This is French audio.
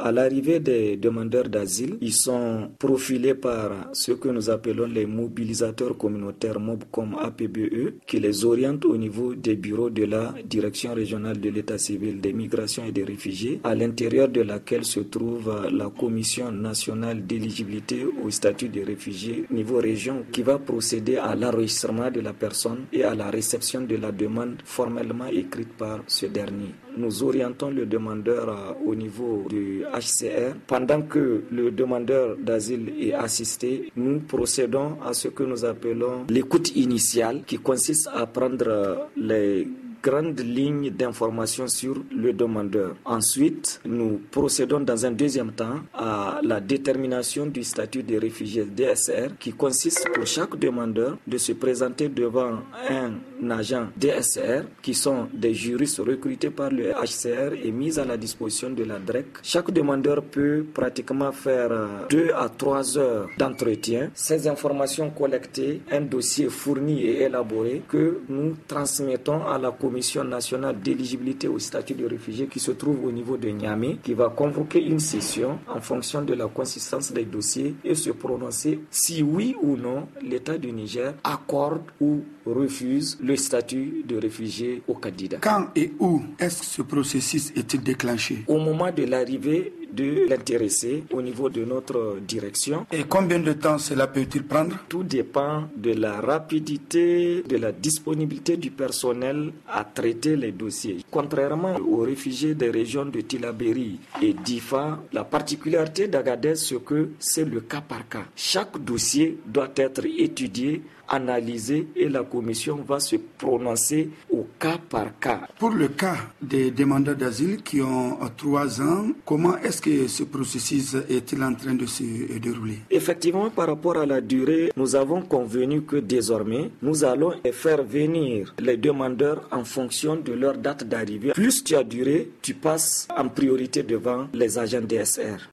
À l'arrivée des demandeurs d'asile, ils sont profilés par ce que nous appelons les mobilisateurs communautaires MOB comme APBE qui les orientent au niveau des bureaux de la Direction régionale de l'État civil des migrations et des réfugiés à l'intérieur de laquelle se trouve la Commission nationale d'éligibilité au statut de réfugié niveau région qui va procéder à l'enregistrement de la personne et à la réception de la demande formellement écrite par ce dernier nous orientons le demandeur euh, au niveau du HCR. Pendant que le demandeur d'asile est assisté, nous procédons à ce que nous appelons l'écoute initiale qui consiste à prendre euh, les grandes lignes d'information sur le demandeur. Ensuite, nous procédons dans un deuxième temps à la détermination du statut de réfugié DSR qui consiste pour chaque demandeur de se présenter devant un agent DSR qui sont des juristes recrutés par le HCR et mis à la disposition de la DREC. Chaque demandeur peut pratiquement faire euh, deux à trois heures d'entretien. Ces informations collectées, un dossier fourni et élaboré que nous transmettons à la communauté commission nationale d'éligibilité au statut de réfugié qui se trouve au niveau de Niamey, qui va convoquer une session en fonction de la consistance des dossiers et se prononcer si oui ou non l'État du Niger accorde ou refuse le statut de réfugié au candidat. Quand et où est-ce que ce processus est-il déclenché Au moment de l'arrivée de l'intéresser au niveau de notre direction. Et combien de temps cela peut-il prendre Tout dépend de la rapidité, de la disponibilité du personnel à traiter les dossiers. Contrairement aux réfugiés des régions de Tilaberi et d'Ifa, la particularité d'Agadez, c'est que c'est le cas par cas. Chaque dossier doit être étudié analysé et la commission va se prononcer au cas par cas. Pour le cas des demandeurs d'asile qui ont trois ans, comment est-ce que ce processus est-il en train de se dérouler Effectivement, par rapport à la durée, nous avons convenu que désormais, nous allons faire venir les demandeurs en fonction de leur date d'arrivée. Plus tu as duré, tu passes en priorité devant les agents DSR.